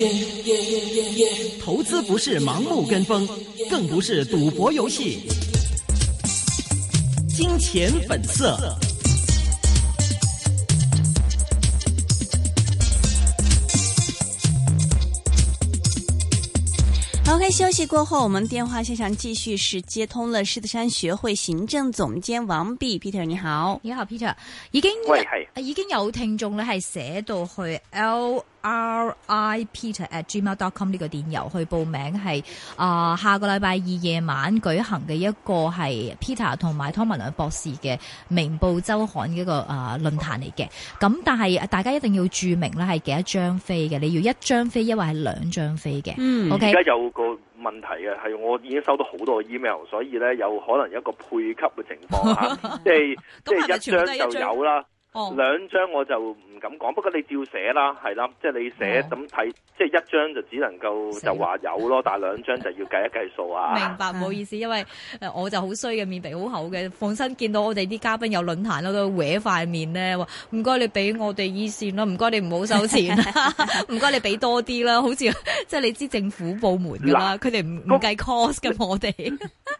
Yeah, yeah, yeah, yeah, yeah, yeah, yeah, yeah. 投資不是盲目跟風，更不是賭博遊戲。金錢本色。 OK，休息過後，我們電話綫上繼續是接通了獅子山學會行政總監王弼 Peter，你好，你好 Peter 已經已經有聽眾呢，係寫到去 L。Già già già già già già già r i peter at gmail dot com 呢個電郵去報名係啊下個禮拜二夜晚舉行嘅一個係 Peter 同埋湯文良博士嘅明報周刊嘅一個啊論壇嚟嘅，咁但係大家一定要注明咧係幾多張飛嘅你要一張飛，因或係兩張飛嘅。嗯，而、okay？家有個問題嘅係我已經收到好多 email，所以咧有可能有一個配給嘅情況吓、啊，即係、 嗯、即係一張就有啦。嗯嗯嗯嗯兩、哦、張我就唔敢講，不過你照寫啦，係啦，即係你寫咁睇，即係一張就只能夠就話有咯，但係兩張就要計一計數啊。明白，嗯、唔好意思，因為誒我就好衰嘅，面皮好厚嘅，逢親見到我哋啲嘉賓有論壇咯，都搲塊面咧，唔該你俾我哋意線咯，唔該你唔好收錢，唔該你俾多啲啦，好似即係你知政府部門噶啦，佢哋唔唔計 cost 嘅我哋。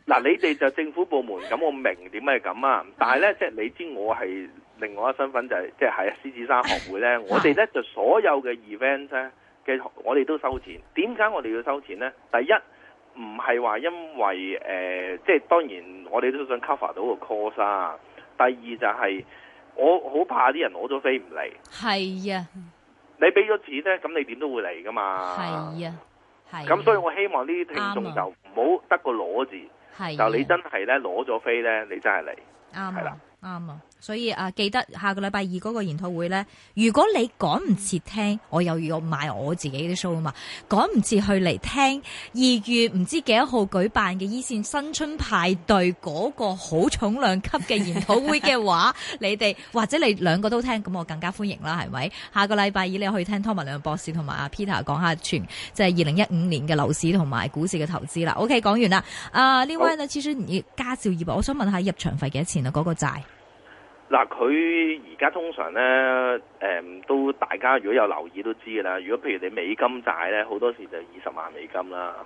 嗱，你哋就政府部門咁， 我明點解係咁啊？但係咧、嗯，即係你知我係。另外一個身份就係、是、即係獅子山學會咧， 我哋咧就所有嘅 event 咧嘅，我哋都收錢。點解我哋要收錢咧？第一唔係話因為誒、呃，即係當然我哋都想 cover 到個 course 啊。第二就係、是、我好怕啲人攞咗飛唔嚟。係啊，你俾咗錢咧，咁你點都會嚟㗎嘛？係啊，咁、啊、所以我希望呢啲聽眾就唔好得個攞字、啊，就你真係咧攞咗飛咧，你真係嚟。啱、啊，係啦，啱啊。所以啊，記得下個禮拜二嗰個研討會咧。如果你趕唔切聽，我又要買我自己啲書啊嘛。趕唔切去嚟聽二月唔知幾多號舉辦嘅、e《醫線新春派對》嗰個好重量級嘅研討會嘅話， 你哋或者你兩個都聽，咁我更加歡迎啦，係咪？下個禮拜二你可以聽湯文亮博士同埋阿 Peter 講下全即係二零一五年嘅樓市同埋股市嘅投資啦。OK，講完啦。啊，呢位呢，諮、哦、詢家兆業，我想問下入場費幾多錢啊？嗰、那個債。嗱，佢而家通常咧，誒、呃、都大家如果有留意都知㗎啦。如果譬如你美金債咧，好多時就二十萬美金啦。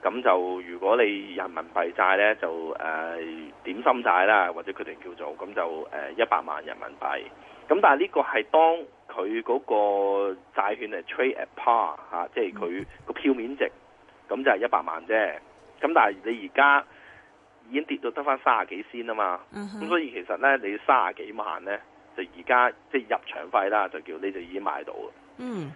咁就如果你人民幣債咧，就誒、呃、點心債啦，或者佢哋叫做咁就誒一百萬人民幣。咁但係呢個係當佢嗰個債券係 trade at par 嚇、啊，即係佢個票面值，咁就係一百萬啫。咁但係你而家，已經跌到得翻三十幾先啊嘛，咁、嗯、所以其實咧，你三十幾萬咧，就而家即係入場費啦，就叫你就已經買到嘅。嗯，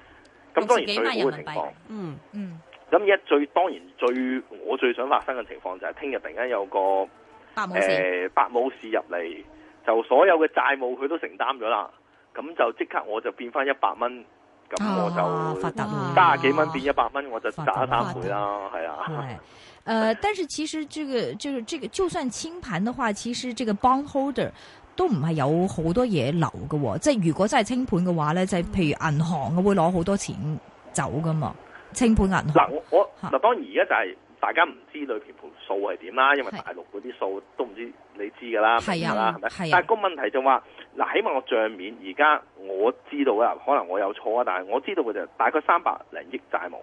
咁當然最好嘅情況，嗯嗯。咁一最當然最我最想發生嘅情況就係聽日突然間有個誒白武士入嚟、呃，就所有嘅債務佢都承擔咗啦，咁就即刻我就變翻一百蚊。咁、嗯啊、我就發達，加幾蚊變一百蚊，我就賺咗三倍啦，係啊。係，誒、呃，但是其實這個就是這個、這個、就算清盤的話其實這個 bond holder 都唔係有好多嘢留嘅喎、哦。即、就、係、是、如果真係清盤的話呢就係、是、譬如銀行嘅會攞好多錢走嘅嘛。清盤銀行我嗱當然而家就係、是。大家唔知裏邊盤數係點啦，因為大陸嗰啲數都唔知，你知噶啦，係啦，係咪？但係個問題就話、是，嗱，起碼個帳面而家我知道咧，可能我有錯啊，但係我知道嘅就大概三百零億債務、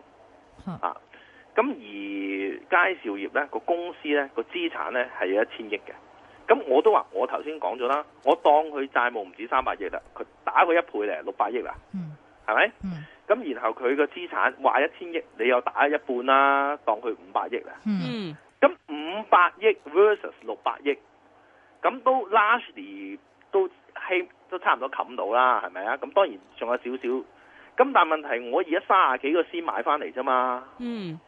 嗯、啊。咁而佳兆業咧個公司咧個資產咧係有一千億嘅。咁我都話我頭先講咗啦，我當佢債務唔止三百億啦，佢打佢一倍咧六百億啦，係、嗯、咪？是咁然後佢個資產話一千億，你又打一半啦，當佢五百億啦。嗯，咁五百億 versus 六百億，咁都 lastly 都都差唔多冚到啦，係咪啊？咁當然仲有少少，咁但問題我而家三十幾個先買翻嚟啫嘛。嗯，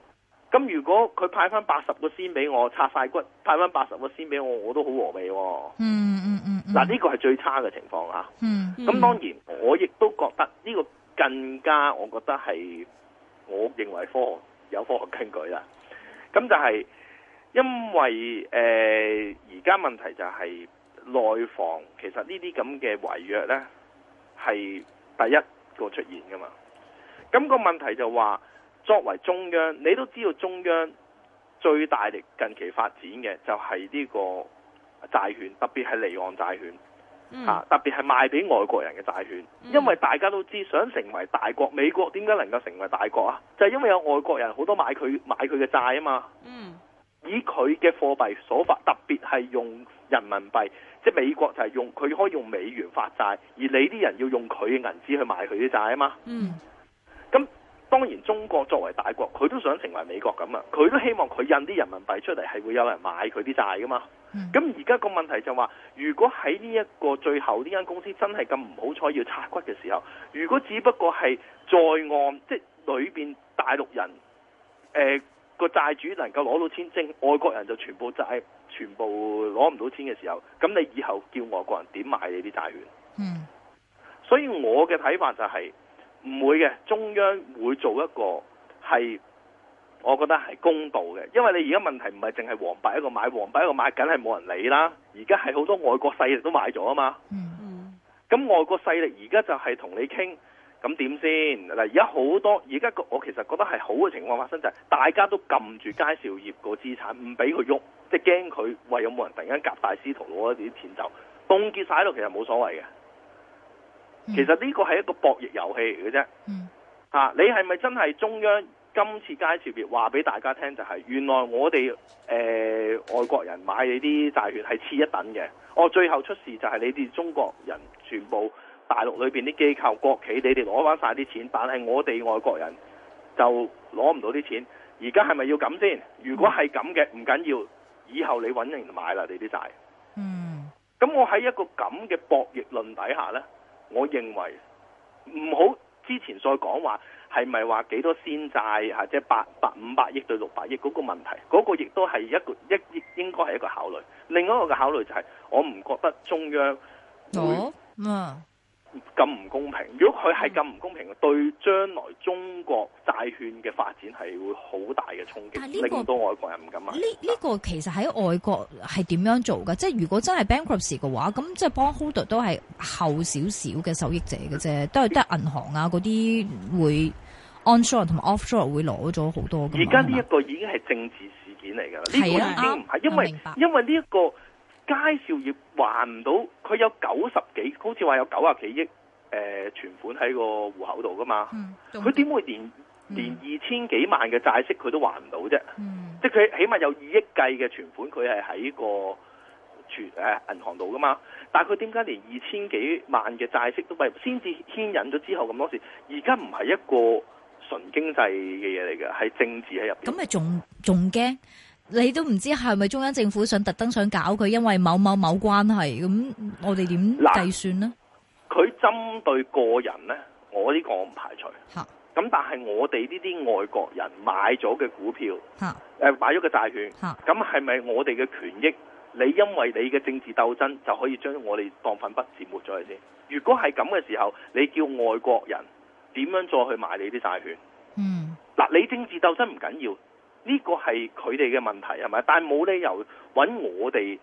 咁如果佢派翻八十個先俾我，拆晒骨派翻八十個先俾我，我都好和味喎。嗯嗯嗯，嗱呢個係最差嘅情況啊。嗯，咁、嗯嗯這個嗯嗯、當然我亦都覺得呢個。更加，我覺得係我認為科學有科學根據啦。咁就係因為誒而家問題就係內房其實呢啲咁嘅違約咧，係第一個出現噶嘛。咁個問題就話作為中央，你都知道中央最大力近期發展嘅就係呢個債券，特別係離岸債券。啊、嗯！特別係賣俾外國人嘅債券，因為大家都知，想成為大國，美國點解能夠成為大國啊？就係、是、因為有外國人好多買佢買佢嘅債啊嘛。嗯，以佢嘅貨幣所發，特別係用人民幣，即係美國就係用佢可以用美元發債，而你啲人要用佢嘅銀紙去買佢啲債啊嘛。嗯，咁。當然，中國作為大國，佢都想成為美國咁啊！佢都希望佢印啲人民幣出嚟，係會有人買佢啲債噶嘛。咁而家個問題就話，如果喺呢一個最後呢間公司真係咁唔好彩要拆骨嘅時候，如果只不過係在岸，即係裏面大陸人誒、呃、個債主能夠攞到錢，正外國人就全部債全部攞唔到錢嘅時候，咁你以後叫外國人點買你啲債券？嗯，所以我嘅睇法就係、是。唔會嘅，中央會做一個係，我覺得係公道嘅，因為你而家問題唔係淨係黃伯一個買，黃伯一個買梗係冇人理啦。而家係好多外國勢力都買咗啊嘛。嗯嗯。咁外國勢力而家就係同你傾，咁點先？嗱，而家好多，而家我其實覺得係好嘅情況發生就係、是、大家都撳住佳兆業個資產，唔俾佢喐，即係驚佢喂有冇人突然間夾大師徒攞啲錢走，凍結晒喺度，其實冇所謂嘅。其實呢個係一個博弈遊戲嚟嘅啫，嚇、嗯啊！你係咪真係中央今次街級別話俾大家聽就係、是，原來我哋誒、呃、外國人買你啲債券係次一等嘅，哦，最後出事就係你哋中國人全部大陸裏邊啲機構國企你哋攞翻晒啲錢，但係我哋外國人就攞唔到啲錢。而家係咪要咁先、嗯？如果係咁嘅，唔緊要，以後你揾人買啦，你啲債。嗯。咁我喺一個咁嘅博弈論底下呢。我認為唔好之前再講話係咪話幾多先債嚇，即係八百五百億對六百億嗰個問題，嗰、嗰個亦都係一個一應該係一個考慮。另外一個考慮就係、係、我唔覺得中央會、哦、嗯。咁唔公平，如果佢係咁唔公平，對將來中國債券嘅發展係會好大嘅衝擊，令、啊、到、這個、外國人唔敢買啊呢呢、這個這個其實喺外國係點樣做噶？即係如果真係 bankruptcy 嘅話，咁即係幫 holder 都係後少少嘅受益者嘅啫，都係得銀行啊嗰啲會 onshore 同埋 offshore 會攞咗好多。而家呢一個已經係政治事件嚟噶，呢、這個已經唔係，因為因為呢、這、一個。佳兆業還唔到，佢有九十幾，好似話有九十幾億誒存款喺個戶口度噶嘛？佢、嗯、點會連、嗯、連二千幾萬嘅債息佢都還唔到啫、嗯？即係佢起碼有二億計嘅存款，佢係喺個存誒銀行度噶嘛？但係佢點解連二千幾萬嘅債息都喂，先至牽引咗之後咁多事？而家唔係一個純經濟嘅嘢嚟嘅，係政治喺入邊。咁咪仲仲驚？你都唔知係咪中央政府想特登想搞佢，因為某某某關係咁，那我哋點計算呢？佢針對個人呢？我呢個我唔排除。吓咁，但係我哋呢啲外國人買咗嘅股票，吓誒、呃、買咗嘅債券，吓咁係咪我哋嘅權益？你因為你嘅政治鬥爭就可以將我哋當份筆錢抹咗去先？如果係咁嘅時候，你叫外國人點樣再去買你啲債券？嗯，嗱，你政治鬥爭唔緊要。呢、呢個係佢哋嘅問題係咪？但冇理由揾我哋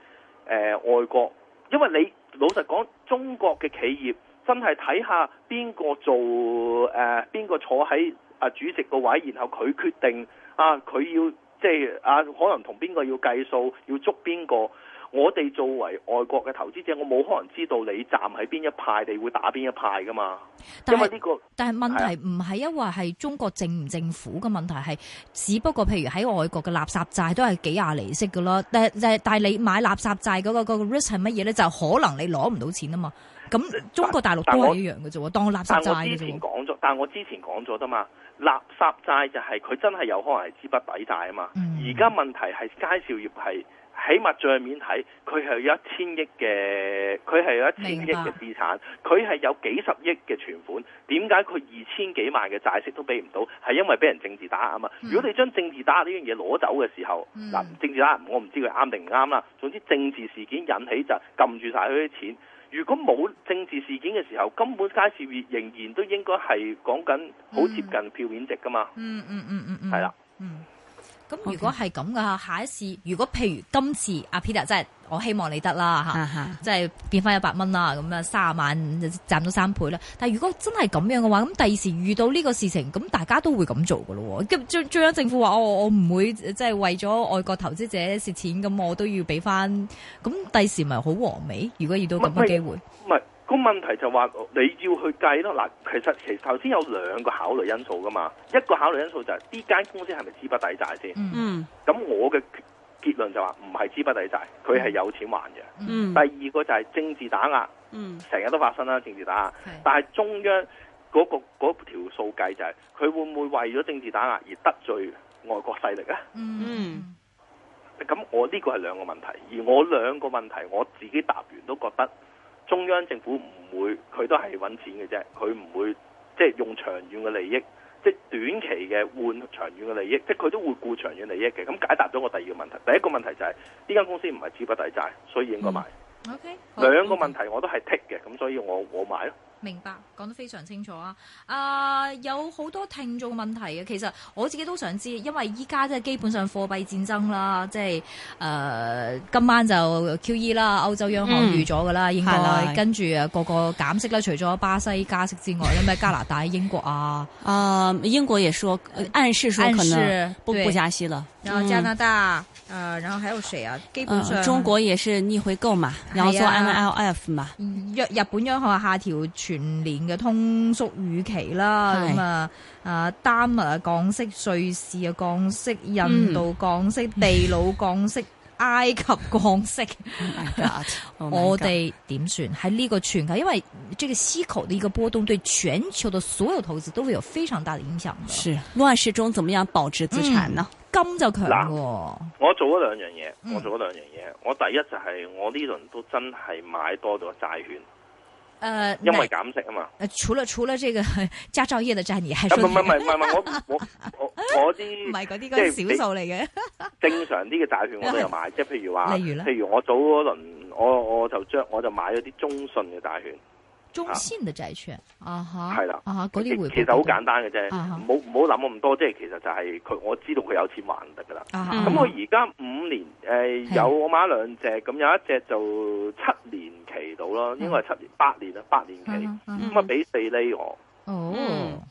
誒外國，因為你老實講，中國嘅企業真係睇下邊個做誒，邊個坐喺啊主席個位，然後佢決定啊，佢要即係啊，可能同邊個要計數，要捉邊個。我哋作為外國嘅投資者，我冇可能知道你站喺邊一派，你會打邊一派噶嘛？但呢、呢個、但係問題唔係因為係中國政唔政府嘅問題，係只不過譬如喺外國嘅垃圾債都係幾廿利息㗎咯。但係但係你買垃圾債嗰、嗰個 risk 係乜嘢咧？就可能你攞唔到錢啊嘛。咁中國大陸都係一樣嘅啫，當我垃圾債嘅但我之前講咗，但係我之前講咗啫嘛。垃圾債就係、是、佢真係有可能係資不抵債啊嘛。而、嗯、家問題係介紹業係。起碼帳面睇，佢係有一千億嘅，佢係有一千億嘅資產，佢係有幾十億嘅存款。點解佢二千幾萬嘅債息都俾唔到？係因為俾人政治打壓啊嘛，嗯！如果你將政治打壓呢樣嘢攞走嘅時候，嗱、嗯啊、政治打壓，我唔知佢啱定唔啱啦。總之政治事件引起就撳住晒佢啲錢。如果冇政治事件嘅時候，根本街市仍然都應該係講緊好接近票面值㗎嘛。嗯嗯嗯嗯嗯，係啦。嗯。嗯嗯嗯。咁如果係咁嘅，下一次如果譬如今次阿 Peter 真係，我希望你得啦，即係變翻一百蚊啦，咁樣三十萬就賺咗三倍啦。但如果真係咁樣嘅話，咁第二時遇到呢個事情，咁大家都會咁做嘅咯。咁最最政府話、哦、我我唔會即係、就是、為咗外國投資者蝕錢，咁我都要俾翻。咁第二時咪好和美。如果遇到咁嘅機會。個問題就話你要去計咯嗱，其實其實頭先有兩個考慮因素噶嘛，一個考慮因素就係呢間公司係咪資不抵債先？嗯，咁我嘅結論就話唔係資不抵債，佢係有錢還嘅，mm-hmm.。嗯，mm-hmm，第二個就係政治打壓。嗯，成日都發生啦政治打壓，係。但係中央嗰個、嗰個、嗰條數計就係佢會唔會為咗政治打壓而得罪外國勢力啊？嗯，咁我呢個係兩個問題，而我兩個問題我自己答完都覺得。中央政府唔會，佢都係揾錢嘅啫，佢唔會即係用長遠嘅利益，即係短期嘅換長遠嘅利益，即係佢都會顧長遠利益嘅。咁解答咗我第二個問題，第一個問題就係呢間公司唔係資不抵債，所以應該買。嗯、okay, okay, OK，兩個問題我都係剔嘅，咁所以我我買咯。明白，講得非常清楚啊！啊、呃，有好多聽眾問題嘅，其實我自己都想知，因為依家即係基本上貨幣戰爭啦，即係誒、呃、今晚就 QE 啦，歐洲央行預咗㗎啦、嗯，應該跟住誒個個減息啦，除咗巴西加息之外，有、嗯、咩加拿大、 英國啊？啊、呃，英國也說暗示說可能不不加息啦，然後加拿大、嗯，呃，然後還有誰啊？基本上、呃、中國也是逆回購嘛，然後做 MLF 嘛。日、嗯、日本央行下調。全年嘅通縮預期啦，咁啊啊，丹麥降息，瑞士啊降息，印度降息、嗯，地老降息， 埃及降港息。 oh oh、 我哋點算喺呢個全球？因為即係思考呢個波動對全球的所有投資都會有非常大的影響。是亂世、嗯、中，怎麼樣保值資產呢？嗯、金就強。我做咗兩樣嘢，我做咗兩樣嘢。我第一就係、是、我呢輪都真係買多咗債券。誒、呃，因為減息啊嘛。誒，除了除了這個佳兆業的債，係咪咪咪咪咪我我我我啲唔係嗰啲，即係少數嚟嘅。是 正常啲嘅債券我都有買，即係譬如話，例如啦，譬如我早嗰輪，我我就將我就買咗啲中信嘅債券。中信嘅債券啊，啊哈，係啦，啊啲其，其實好簡單嘅啫，唔好諗咁多，即係其實就係佢我知道佢有錢還得噶啦。咁我而家五年誒、呃、有我買兩隻，咁有一隻就七年期到啦、啊，應該係七年八年啦，八年期，咁啊俾、嗯啊、四厘我。啊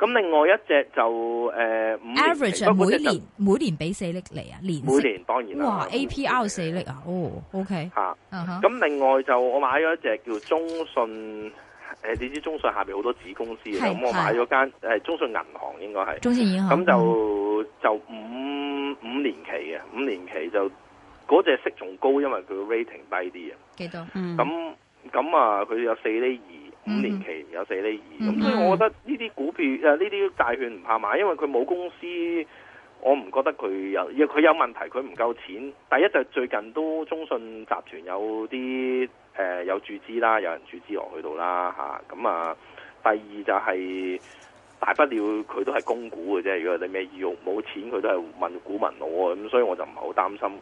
咁另外一隻就、呃、a 五，不每，每年每年俾四厘嚟啊，年每年當然啦。哇，APR 四厘啊，哦，OK 吓、uh -huh. 啊，咁另外就我買咗一隻叫中信誒、呃、你知中信下邊好多子公司嘅，咁我買咗間誒中信銀行應該係中信銀行。咁就、嗯、就五五年期嘅，五年期就嗰隻息仲高，因為佢 rating 低啲啊。幾多？嗯。咁咁啊，佢、呃、有四厘二。五年期沒有四厘二，咁所以我覺得呢啲股票誒，呢啲債券唔怕買，因為佢冇公司，我唔覺得佢有，佢有問題，佢唔夠錢。第一就是最近都中信集團有啲誒、呃、有注資啦，有人注資落去度啦吓，咁啊，第二就係大不了佢都係供股嘅啫，如果你咩要用冇錢，佢都係問股民攞，咁所以我就唔係好擔心，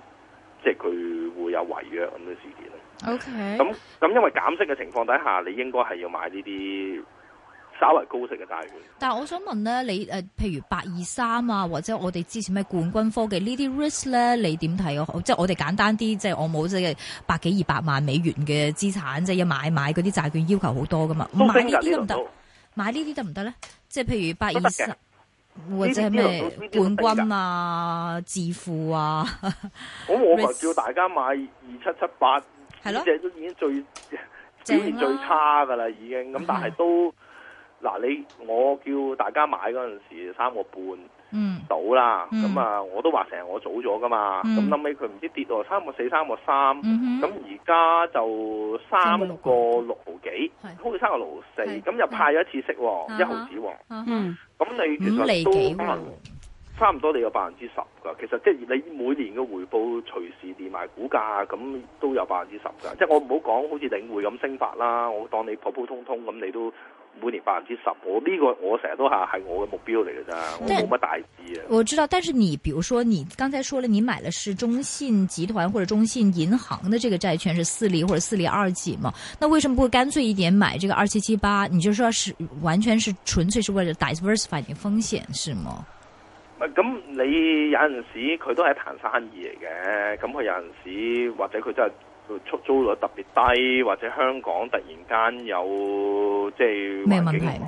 即係佢會有違約咁嘅事件。O K，咁咁因為減息嘅情況底下，你應該係要買呢啲稍為高息嘅債券。但係我想問咧，你誒，譬如八二三啊，或者我哋之前咩冠軍科技呢啲 risk 咧，你點睇啊？即係我哋簡單啲，即係我冇即係百幾二百萬美元嘅資產，即係要買買嗰啲債券，要求好多噶嘛？買呢啲得唔得？買呢啲得唔得咧？即係譬如八二三，或者咩冠軍啊、致富啊？咁 我咪叫大家買二七七八。呢隻都已經最表現最差㗎啦，已經咁，但係都嗱你我叫大家買嗰陣時三個半到啦，咁、嗯、啊我都話成日我早咗㗎嘛，咁諗尾佢唔知跌到三個四三個三，咁而家就三個六毫幾，好似三個六毫四，咁又派咗一次息喎、啊，一毫子喎，咁、啊嗯、你其實都可能。嗯嗯嗯差唔多你有百分之十噶，其實即係你每年嘅回報隨時連埋股價咁都有百分之十噶。即係我唔好講好似領匯咁升法啦，我當你普普通通咁，你都每年百分之十。我呢個我成日都係係我嘅目標嚟噶咋，我冇乜大志啊。我知道，但是你，比如說你剛才說了，你買嘅是中信集團或者中信銀行嘅這個債券，是四厘或者四厘二幾嘛？那為什麼不會乾脆一點買這個二七七八？你就是說是完全是純粹是為了 diversify 風險，是嗎？咁你有陣時佢都係一盤生意嚟嘅，咁佢有陣時或者佢真係出租，租率特別低，或者香港突然間有即係環境唔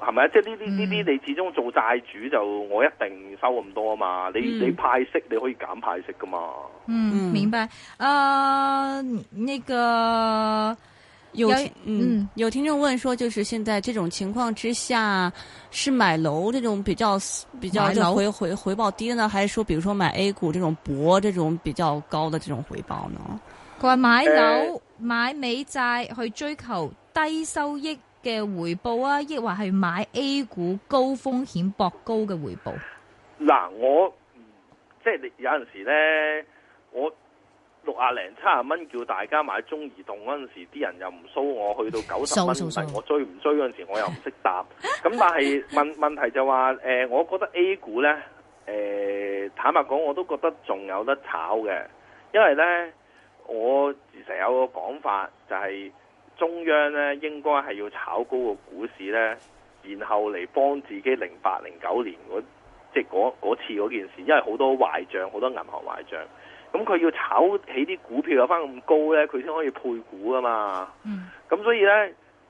好，係咪啊？即係呢啲呢啲你始終做債主就我一定收咁多啊嘛，你、嗯、你派息你可以減派息㗎嘛。嗯，明白。啊，呢個。有嗯，嗯，有聽眾問說，就是現在這種情況之下，是買樓這種比較比較回回回報低呢，還是說，比如說買 A 股這種博這種比較高的這種回報呢？佢話買樓，呃、買美債去追求低收益嘅回報啊，亦或係買 A 股高風險博高嘅回報？嗱，我即係你有陣時咧，我。六啊零七啊蚊叫大家買中移動嗰陣時，啲人又唔蘇我，去到九十蚊，我追唔追，嗰陣時我又唔識答。咁 但係問問題就話，誒、呃，我覺得 A 股呢，呃、坦白講我都覺得仲有得炒嘅，因為呢，我成日有個講法就係、是、中央呢應該係要炒高個股市呢，然後嚟幫自己零八零九年即嗰、就係、次嗰件事，因為好多壞帳，好多銀行壞帳。咁佢要炒起啲股票有翻咁高呢，佢先可以配股啊嘛。咁、嗯、所以呢，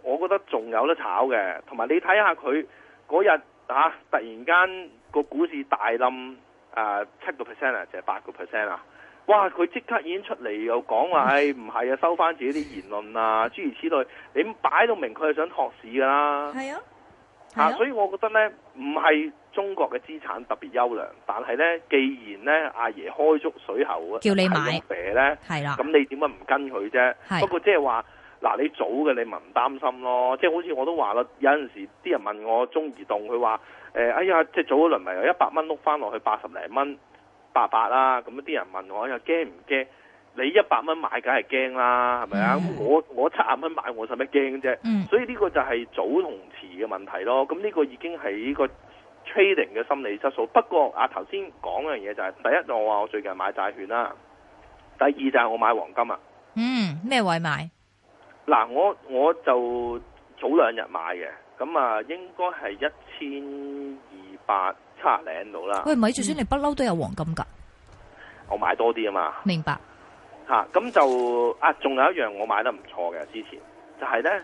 我覺得仲有得炒嘅。同埋你睇下佢嗰日嚇，突然間個股市大冧啊，七個 percent 啊，就係八個 percent 啊！哇，佢即刻已經出嚟又講話，唉、嗯，唔係啊，收翻自己啲言論啊，諸如此類。你擺到明，佢係想託市噶啦。係啊，啊，所以我覺得呢，唔係。中國嘅資產特別優良，但係呢，既然呢阿爺開足水喉啊，叫你買，係啦，咁你點解唔跟佢啫？不過即係話嗱，你早嘅你咪唔擔心咯。即係好似我都話咯，有陣時啲人問我中移動，佢話誒哎呀，即係早一輪咪有一百蚊碌翻落去八十零蚊八百啦。咁啲人問我又驚唔驚？你一百蚊買梗係驚啦，係咪啊？我我七十蚊買我使乜驚啫？所以呢個就係早同遲嘅問題咯。咁呢個已經係呢個。Trading 嘅心理質素，不過啊，頭先講嘅嘢就係、係、第一，我話我最近買債券啦；第二就係我買黃金啊。嗯，咩位置買嗱？我我就早兩日買嘅，咁啊，應該係一千二百七零度啦。喂，咪住算你不嬲都有黃金噶？我買多啲啊嘛。明白嚇，咁就啊，仲、啊、有一樣我買得唔錯嘅，之前就係咧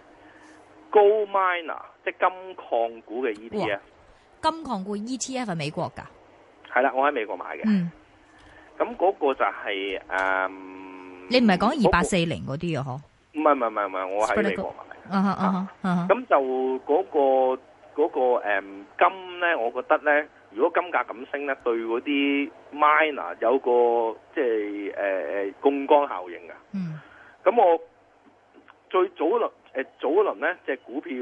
Gold miner 即金礦股嘅呢啲啊。金礦股 ETF 係美國噶，係啦，我喺美國買嘅。嗯，咁嗰個就係誒，你唔係講二八四零嗰啲嘅嗬？唔係唔係唔係，我喺美國買。啊啊啊！咁就嗰個嗰個誒金咧，我覺得咧，如果金價咁升咧，對嗰啲 miner 有個即係誒誒槓杆效應啊。嗯。咁我最早一輪誒早一輪咧，即係股票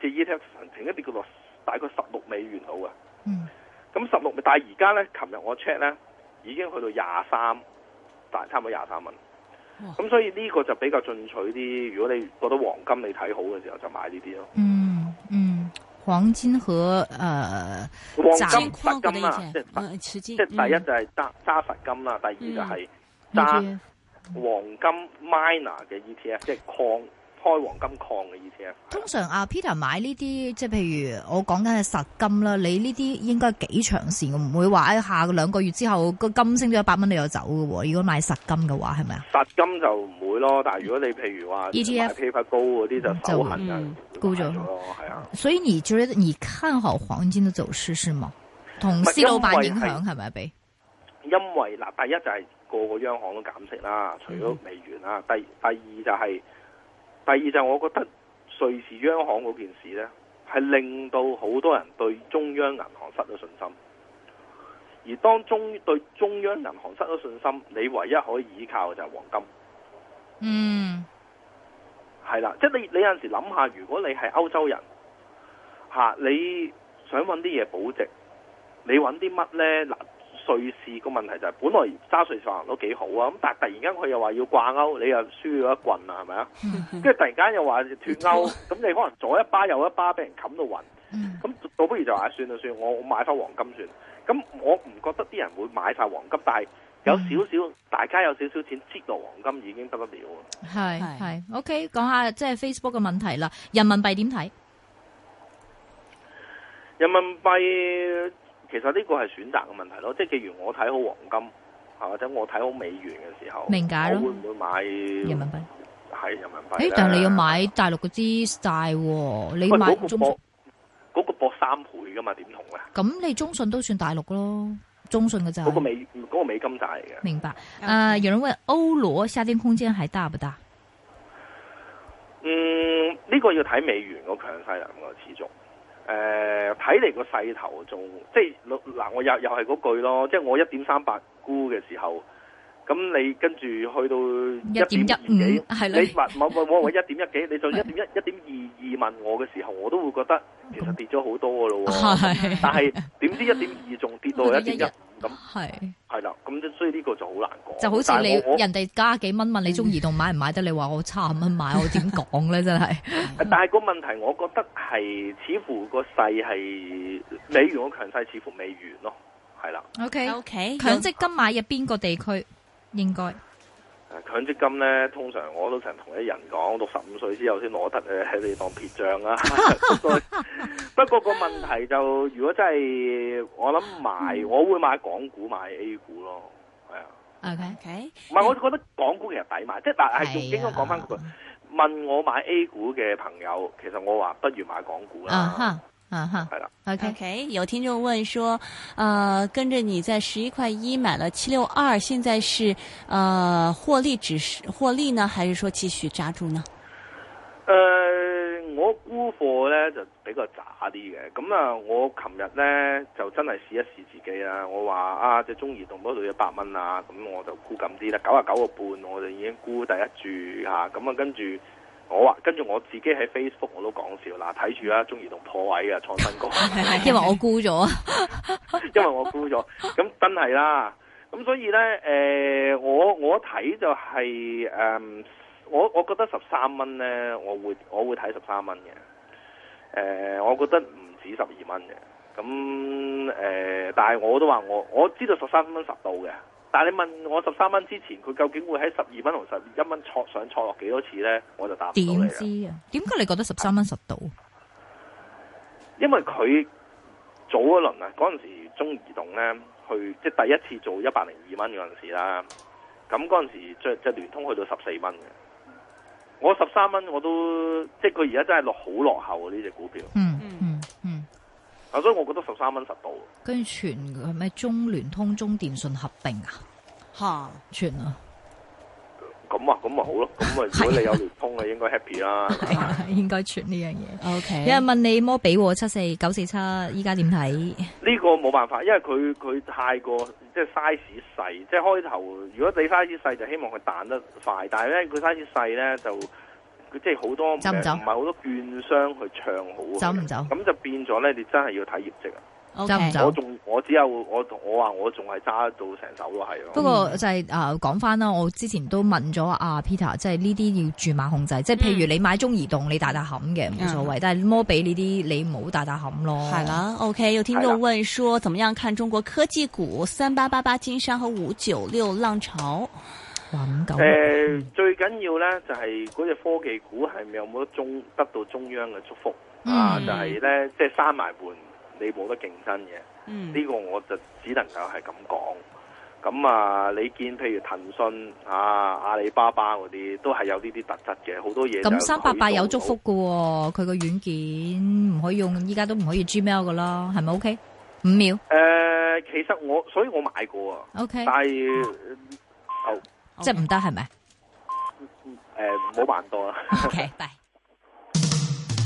即係 ETF 曾經一跌到落。大概十六美元好啊，咁十六美，但係而家咧，琴日我 check 咧，已經去到廿三，大概差唔多廿三蚊。咁、嗯、所以呢個就比較進取啲。如果你覺得黃金你睇好嘅時候，就買呢啲咯。嗯嗯，黃金和誒、呃、黃金、白金啊，即係、呃嗯、第一就係揸揸實金啦，第二就係揸、嗯嗯、黃金 miner 嘅 ETF，即係礦。開黃金礦嘅意思啊？通常阿 Peter 買呢啲，即係譬如我講緊係實金啦。你呢啲應該幾長線，唔會話喺下兩個月之後，個金升咗一百蚊你又走㗎喎。如果買實金嘅話係咪啊？實金就唔會咯。但係如果你譬如話 E T F、期貨高嗰啲就走恆嘅，高咗係啊。所以你覺得你看好黃金嘅走勢 C2 是，是嗎？同 C 老闆影響？係咪俾，因為嗱，第一就係個個央行都減息啦，除咗美元啦。第第二就係、是。第二就係我覺得瑞士央行嗰件事咧，係令到好多人對中央銀行失咗信心。而當中對中央銀行失咗信心，你唯一可以依靠嘅就係黃金。嗯，係啦，即係你你有陣時諗下，如果你係歐洲人，吓、啊、你想揾啲嘢保值，你揾啲乜咧嗱？瑞士個問題就係本來加水上行都幾好啊，咁但係突然間佢又話要掛鈎，你又輸咗一棍啊，係咪啊？跟 住突然間又話脱鈎，咁 你可能左一巴右一巴俾人冚到暈，咁 倒不如就話算啦算，我我買翻黃金算。咁我唔覺得啲人會買晒黃金，但係有少少 大家有少少錢接落黃金已經不得了。係 係，OK，講下即係 Facebook 嘅問題啦，人民幣點睇？人民幣。其實呢個係選擇嘅問題咯，即係譬如我睇好黃金，或者我睇好美元嘅時候，明解咯，會唔會買人民幣？係人民幣。誒、欸，但係你要買大陸嗰支債，你買中信，嗰、那個博，那個、博三倍噶嘛？點同啊？咁你中信都算大陸咯，中信嘅就嗰、是那個美嗰、那個美金債嘅。明白。誒、啊，有人問歐羅下跌空間係大不大？嗯，呢、這個要睇美元個強勢啦，我始終。誒、呃，睇嚟個勢頭仲即係，嗱，我又又係嗰句咯，即係我一點三八沽嘅時候，咁你跟住去到一點一五，係你話某某我一點一幾，你再一點一一點二二問我嘅時候，我都會覺得其實跌咗好多噶咯， 但係點知一點二仲跌到一點一？ 係，係啦，咁所以呢個就好難講。就好似你人哋加幾蚊問你中移動買唔買得，你話我差五蚊買，我點講咧？真係。 但係個問題，我覺得係似乎個勢係美元嘅強勢似乎未完咯，係啦。O K O K，強積金買入邊個地區應該？強積金咧，通常我都成日同一人講，六十五歲之後先攞得誒，你當撇賬啦。 不過，不過個問題就，如果真係我諗買，我會買港股買 A 股咯。係啊，OK OK，唔、嗯、係，我覺得港股其實抵買。嗯、即係嗱，係應該講翻句，問我買 A 股嘅朋友，其實我話不如買港股啦。Uh -huh. 啊、uh、哈 -huh.，OK OK，有聽眾問說，啊、呃，跟着你在十一塊一買了七六二，現在是，啊、呃，獲利只是獲利呢，還是說繼續揸住呢？誒、呃，我沽貨咧就比較渣啲嘅，咁啊，我琴日咧就真係試一試自己啦，我話啊，隻中移動嗰度一百蚊啊，咁我就沽近啲啦，九啊九個半，我就已經沽第一注吓，咁啊，跟住。我話、啊、跟住我自己喺 Facebook 我都講笑嗱，睇住啊，中意同破位嘅創新局， 因為我估咗， 因為我估咗，咁真係啦，咁所以咧、呃，我我睇就係誒，我、就是嗯、我，我覺得十三蚊咧，我會我會睇十三蚊嘅，誒、呃、我覺得唔止十二蚊嘅，咁誒、呃，但係我都話我我知道十三蚊十到嘅。但係你問我十三蚊之前佢究竟會喺十二蚊同十一蚊挫上挫落幾多次呢？我就答唔到你啦。點知啊？點解你覺得十三蚊實到？因為佢早一輪啊，嗰陣時候中移動呢，去即係第一次做一百零二蚊嗰陣時啦。咁嗰陣時即即聯通去到十四蚊嘅，我十三蚊我都即係佢而家真係落好落後啊！呢隻股票。嗯啊，所以我覺得十三蚊十度。跟住傳係咪中聯通中電信合併啊？吓，傳啊。咁啊，咁咪、啊、好咯，咁啊 如果你有聯通啊，應該 happy 啦。 係啊、應該傳呢樣嘢。O、okay、K。有人問你摩比七四九四七依家點睇？呢、呢個冇辦法，因為佢佢太過即係 size 細，即係開頭如果你 size 細就希望佢彈得快，但係咧佢 size 細咧就。佢即係好多唔係好多券商去唱好，走唔走？咁就變咗咧，你真係要睇業績啊。走唔走？我仲我只有我同我話，我仲係揸到成手都係。不過就係、是、誒、呃、講翻啦，我之前都問咗阿 Peter，即係呢啲要注碼控制，即係譬如你買中移動，你大大冚嘅冇所謂，但係摩比呢啲你唔好大大冚咯。係啦，OK。有聽眾問說，怎麼樣看中國科技股？三八八八金山和五九六浪潮。誒、呃，最緊要咧就係、是、嗰隻科技股係咪有冇得中得到中央嘅祝福、嗯、啊？就係、是、咧，即係閂埋門，你冇得競爭嘅。嗯，呢、這個我就只能夠係咁講。咁啊，你見譬如騰訊啊、阿里巴巴嗰啲，都係有呢啲特質嘅，好多嘢。咁三八八有祝福噶、哦，佢個軟件唔可以用，依家都唔可以 Gmail 噶啦，係咪？O K，五秒。誒、呃，其實我所以我買過啊。O、okay, K，但係好。嗯哦即係唔得係咪？誒，冇辦法啦。OK，bye。